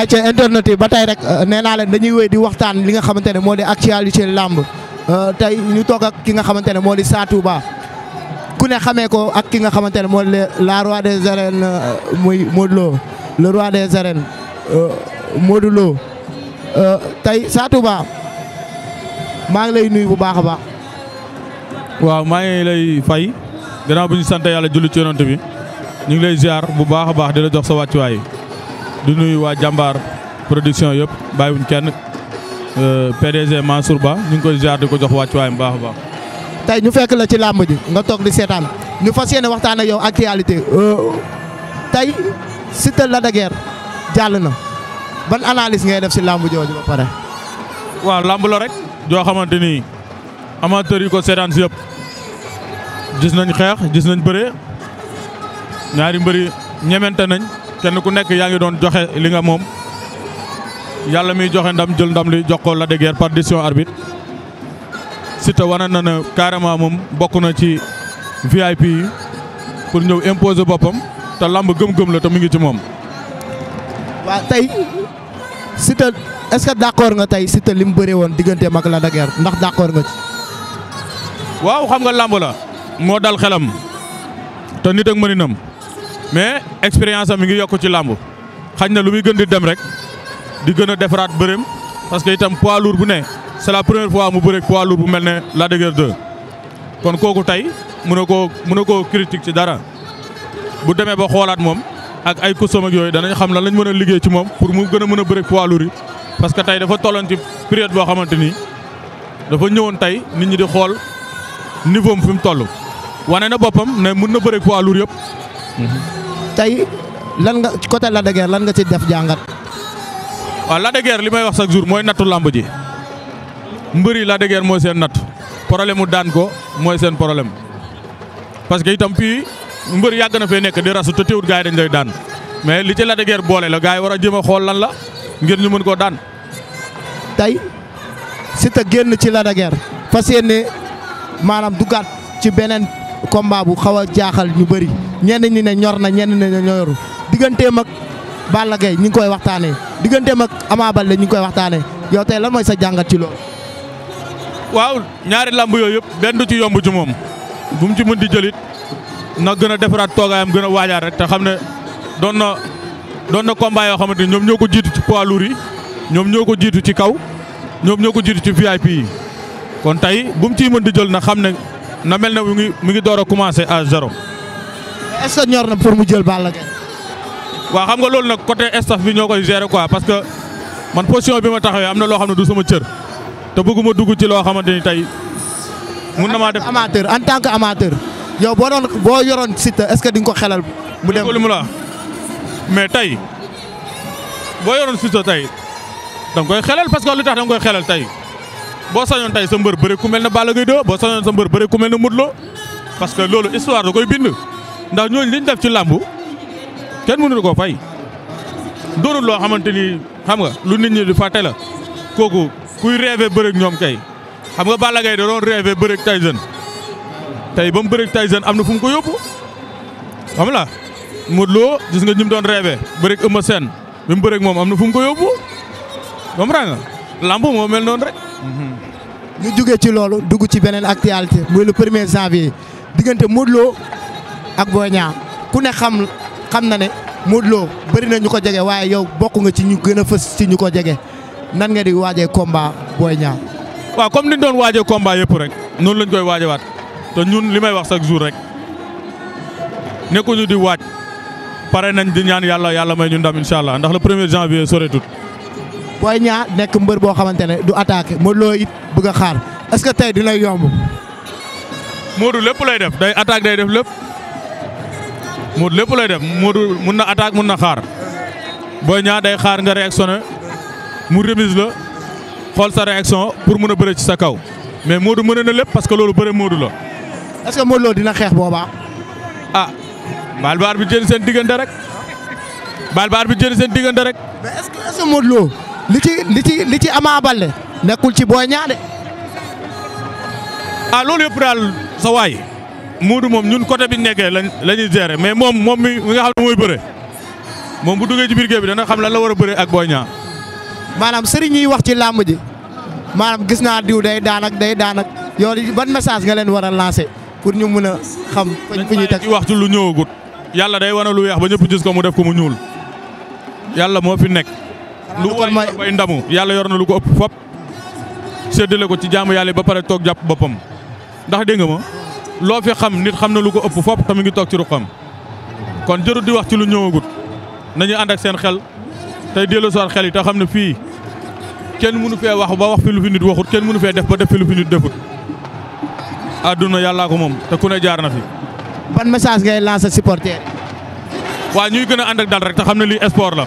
ayca internet yi ba tey rek euh, nee naa leen dañuy wéy di waxtaan li nga xamante ne moo di actualité làmb euh, tey ñu toog ak ki nga xamante ne moo di Sa Touba ku ne xamee ko ak ki nga xamante ne moo di la roi des arènes euh, muy Modou Lo le roi des arènes Modou tey Sa maa ngi lay nuyu bu baax a baax. waaw maa ngi lay fay gannaaw bi ñu sant yàlla julli ci yonent bi ñu ngi lay ziar bu baax a baax di la jox sa wàccuwaay. di nuyu wa jambar production yëpp bàyyiwuñ kenn euh PDG Mansour Ba ñu ko koy ziar di ko jox waccu way mbax ba tay ñu fekk la ci lamb ji nga tok di sétan ñu fas yéene waxtaan ak yow actualité euh, tay cité la de guerre jall na ban analyse ngay def ci lamb joju ba paré wa lamb lo rek joo xamanteni amateur amateurs yi ko sétan yep gis nañ xex gis nañ béré ñaari mbëri ñemente nañ. kenn ku nekk yaa ngi doon joxe li nga moom yàlla miy joxe ndam jël ndam li jox ko Lac de Guiers par décision arbitre Siteu wane na ne carrément moom bokk na ci VIP yi pour ñëw imposer boppam te lamb gëm-gëm la te mu ngi ci moom. waaw tey Siteu est-ce que d'accord nga tey Siteu li mu bëree woon digganteem ak Lac de Guiers ndax d'accord nga ci. waaw xam nga lamb la moo dal xelam te nit ak mëninam mais expérience am mi ngi yokk ci làmb xañ na lu muy gën di dem rek di gën a defaraat bërëm parce que itam poids lourd bu ne c'est la première fois mu bëre poids lourd bu mel ne Lac de kon kooku tey mënoo koo ne koo critique ci dara bu demee ba xoolaat moom ak ay custom ak yooyu danañ xam la lañ mën a liggéey ci moom pour mu gën a mën a bëre poids yi parce que tey dafa tolloon ci période boo xamante nii dafa ñëwoon tey nit ñi di xool niveau am fi mu toll wane na boppam ne mën na bëre poids lourd yëpp. Mhm. Tay lan nga côté la de Guiers lan nga ci def jangat wa la de Guiers li wax chaque jour moy nattu lamb ji mbeuri la de problème mu ko moy sen problème parce que itam pi mbeur yag na fe nek de rasu te teewut gars dañ lay dan mais li ci la de Guiers la gars wara war xol lan la ngir ñu mën dan tay tey ta genn ci la de Guiers fas yéene ci benen combat bu xawa jaaxal ñu ñenn ñi ne ñor na ñenn ñi ne ñoru digganteem ak Balla Gaye ñu ngi koy waxtaanee digganteem ak Ama Baldé ñu ngi koy waxtaanee yow tey la mooy sa jàngat ci loolu. waaw ñaari lamb yooyu yëpp benn du ci yomb ci moom bu mu ci mën di jëlit na gën a defaraat toogaayam gën a waajaat rek te xam ne doon na doon na combat yoo xamante ni ñoom ñoo ko jiitu ci poids lourd ñoom ñoo ko jiitu ci kaw ñoom ñoo ko jiitu ci VIP yi kon tey bu mu ciy mën di jël na xam ne na mel ne mu ngi mu ngi door a commencé à zéro. est na pour mu jël Balla Gaye. waaw xam nga loolu nag côté staff bi ñoo koy gérer quoi parce que man position bi ma taxawee am na loo xam ne du sama cër te bëgguma dugg ci loo xamante ni tey. mun na maa def amateur en tant que amateur. yow boo doon boo yoroon Siteu est-ce di nga ko xelal. mu dem li mu la mais tey boo yoroon Siteu tey da nga koy xelal parce que lu tax da koy xelal tey boo sañoon tey sa mbër bëre ku mel ne Balla Gaye 2 boo sañoon sa mbër bëre ku mel ne Modou Lo parce que loolu histoire koy bind. ndax ñooñu liñ def ci làmbu kenn mënu koo fay doonul loo xamante ni xam nga lu nit ñi di fàtte la kooku kuy rêvé bërëg ñoom kay xam nga bala Gaye da doon rêvé bërëg Tyson tey ba mu bërëg Tyson am na fu mu ko yóbbu xam la Modou Lo gis nga ñi doon rêvé bërëg Eumeu Sène bi mu bërëg moom am na fu mu ko yóbbu comprends nga lamb moo mel noon rek. ñu jógee ci loolu dugg ci beneen actualité muy le premier janvier diggante Modou Lo ak Boy ñaa ku ne xam xam na ne Modou Lo bëri na ñu ko jege waaye yow bokk nga ci ñu gën a fës ci ñu ko jege nan nga di waajee combat Boy Niang. waaw comme ni ñu doon waajee combat yëpp rek noonu lañ koy waat te ñun li may wax chaque jour rek nekkuñu di waaj pare nan di ñaan yàlla yàlla may ñu ndam incha allah ndax le premier janvier soreetut. Boy Niang nekk mbër boo xamante ne du attaqué Modou Lo it bëgg a xaar est que tey dina yomb. Modou lépp lay def day attaque day def lépp. Modou lépp lay def Modou mun na attaque mun na xaar booy Niang day xaar nga réactionné mu remise la xool sa réaction pour mun a bëre ci sa kaw mais Modou mën na lépp parce que loolu bëre Modou la. est que Modou dina xeex boobaa. ah baal baar bi jëli seen diggante rek baal baar bi jëli seen diggante rek. mais est li ci li ci li ci Ama Baldé nekkul ci Boy Niang de. ah loolu yëpp daal sa waay. Moodu moom ñun côté bi nekkee lañ la ñuy mais moom moom mi nga xam ne mooy bëre moom bu duggee ci biir bi dana xam lan la war a bëre ak Boy maanaam sëriñ yi wax ci làmb ji maanaam gis naa diw day daanak day daanak ak yow ban message nga leen war a lancer pour ñu mën a xam. fi ñuy teg wax ci lu ñëwagut. yàlla day wane lu weex ba ñëpp gis ko mu def ko mu ñuul yàlla moo fi nekk. lu war bay ndamu yàlla yor na lu ko ëpp fop séddale ko ci jaamu yàlla ba pare toog jàpp boppam ndax dégg lo fi xam nit xam na lu ko upp fop te ngi tok ci kon jëru di wax ci lu ñëwagut nañu and ak seen xel tay delu soor xel yi ta xam ne fi kenn mënu fee wax ba wax fi lu fi nit waxut kenn mënu fee def ba def fi lu fi nit defut aduna yalla ko mom te ku ne jaar na fi. ban message ngay lancer supporter. wa ñuy gëna and ak dal rek ta xam ne li sport la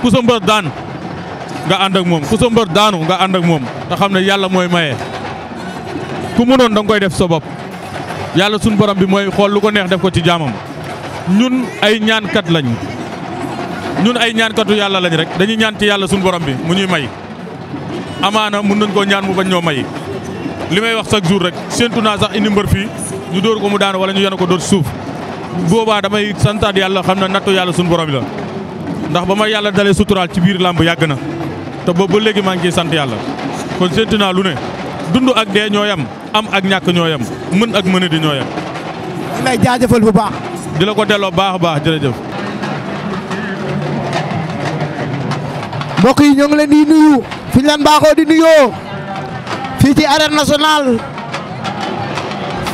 ku sa mbeur daan nga and ak mom ku sa mbeur daanu nga and ak mom ta xam ne yàlla maye ku mënon dang koy def sa bop yàlla suñu borom bi mooy xool lu ko neex def ko ci jaamam ñun ay ñaankat lañ ñun ay ñaankatu yàlla lañ rek dañuy ñaan ci yàlla suñu borom bi mu ñuy may amaana mun nañ koo ñaan mu bañ ñoo may li may wax chaque jour rek séntu naa sax indi mbër fii ñu dóor ko mu daanu wala ñu yenu ko dóor suuf boobaa damay santaat yàlla xam na nattu yàlla suñu borom bi la ndax ba ma yàlla dalee suturaal ci biir làmb yàgg na te boobu ba léegi maa ngi sant yàlla kon séntu naa lu ne dund ak dee ñoo yam am ak ñak ñoyam mën ak mëne di ñoyam lay jaajeufal bu baax. dila ko delo baax a baax jërëjëf. mbokk yi ñong leen di nuyu fi ñu leen baaxoo di nuyoo fi ci arène nationale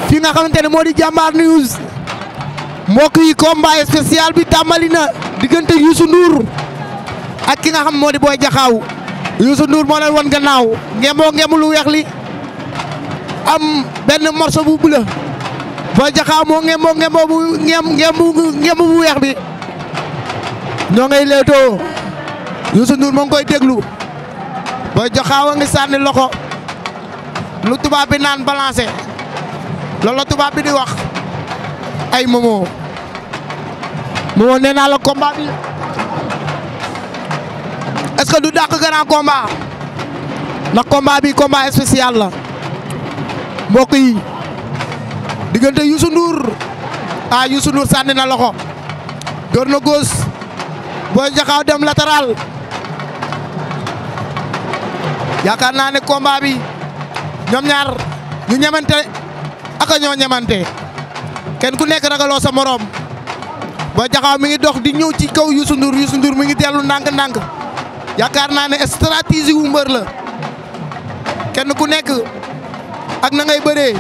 fi nga xamantene ne moo di jàmbaar news mbokk yi combat spécial bi tàmbali na diggante Youssou Ndour ak ki nga xam moo di Boy Diakhao yusu Ndour moo leen won gannaaw ngemoo ngemu lu weex li am benn morceau bu bleu Boy Diakha moo ngem moo ngem bu weex bi ñoo ngay leetoo Youssou Ndour moo koy déglu Boy jaxaaw a ngi sànni loxo lu tubaab bi naan balancé loolu la tubaab bi di wax ay Momo Momo nee naa la combat bi est que du dàq grand combat ndax combat bi combat spécial la. mbok yi diggante Youssou Ndour a ah, Youssou Ndour sànni na loxo dorna na góos Boy Diakhao dem latéral yakar na né combat bi ñom ñaar ñu ñamanté aka ñoo ñamanté kenn ku nekk ragalo sa morom Boy jaxaw mi ngi dox di ñëw ci kaw Yusundur Ndour Youssou Ndour mi ngi delu ndànk-ndànk yakar na ne stratégie wu mbeur la kenn ku nekk ak na ngay bëree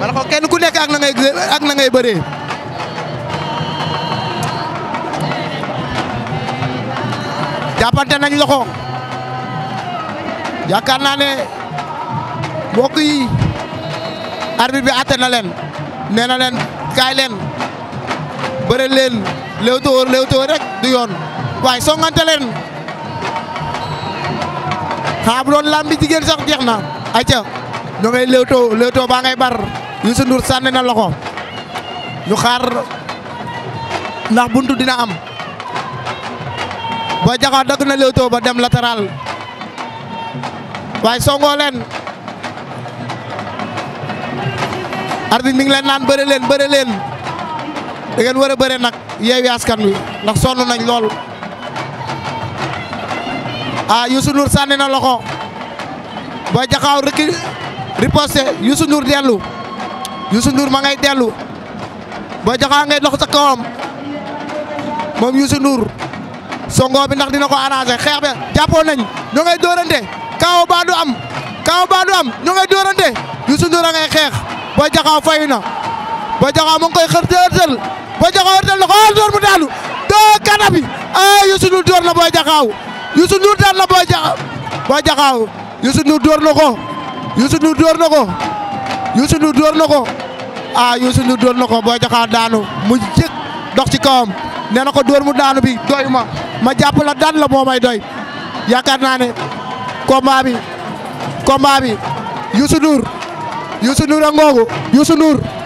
man ko kenn ku nekk ak na ngay ak na ngay bëree jàppante nañ loxo yaakaar naa ne mbokk yi arbitre bi àtte na leen nee leen kaay leen bëre leen léewtoo léewtoo rek du yoon waaye songante leen xaa bu bi làmbi jigéen sax jeex na aja ñu ngay lewto lewto ba ngay bar Yusuf Ndour sané na loxo ñu xaar ndax buntu dina am ba jaxa dag na lewto ba dem lateral way songo len ardi mi ngi leen naan bëre leen bëre leen da ngeen wara beure nak nag yeewi askan wi ndax sonu nañ lool ah Youssou Ndour sané na loxo Boy Jaxaaw rëkki riposté Youssou Ndour dellu Youssou ma ngay dellu Boy Jaxaaw ngay dox sa kawam moom Youssou Ndour songo bi ndax dina ko arrangé xeex bi jàppoon nañ ñoo ngay dóorante kaaw baa am kaaw baa du am ñoo ngay dóorante Youssou Ndour a ngay xeex Boy Jaxaaw fayu na Jaxaaw mu koy xërte ërtal Boy Jaxaaw ërtal na ko ah, dóor mu daanu doo kanabi a ah, Youssou Ndour dóor na Boy Jaxaaw Youssou Ndour na Boy Jaxaaw Youssou Ndour door na ko Youssou Ndour door na ko Youssou Ndour door na ko ah Youssou Ndour door na ko Boy Diakhar daanu mu jëkk dox ci kawam nee na ko door mu daanu bi doy ma ma jàpp la daan moo may doy yaakaar naa ne combat bi combat bi Youssou Ndour Youssou Ndour a ngoogu Youssou Ndour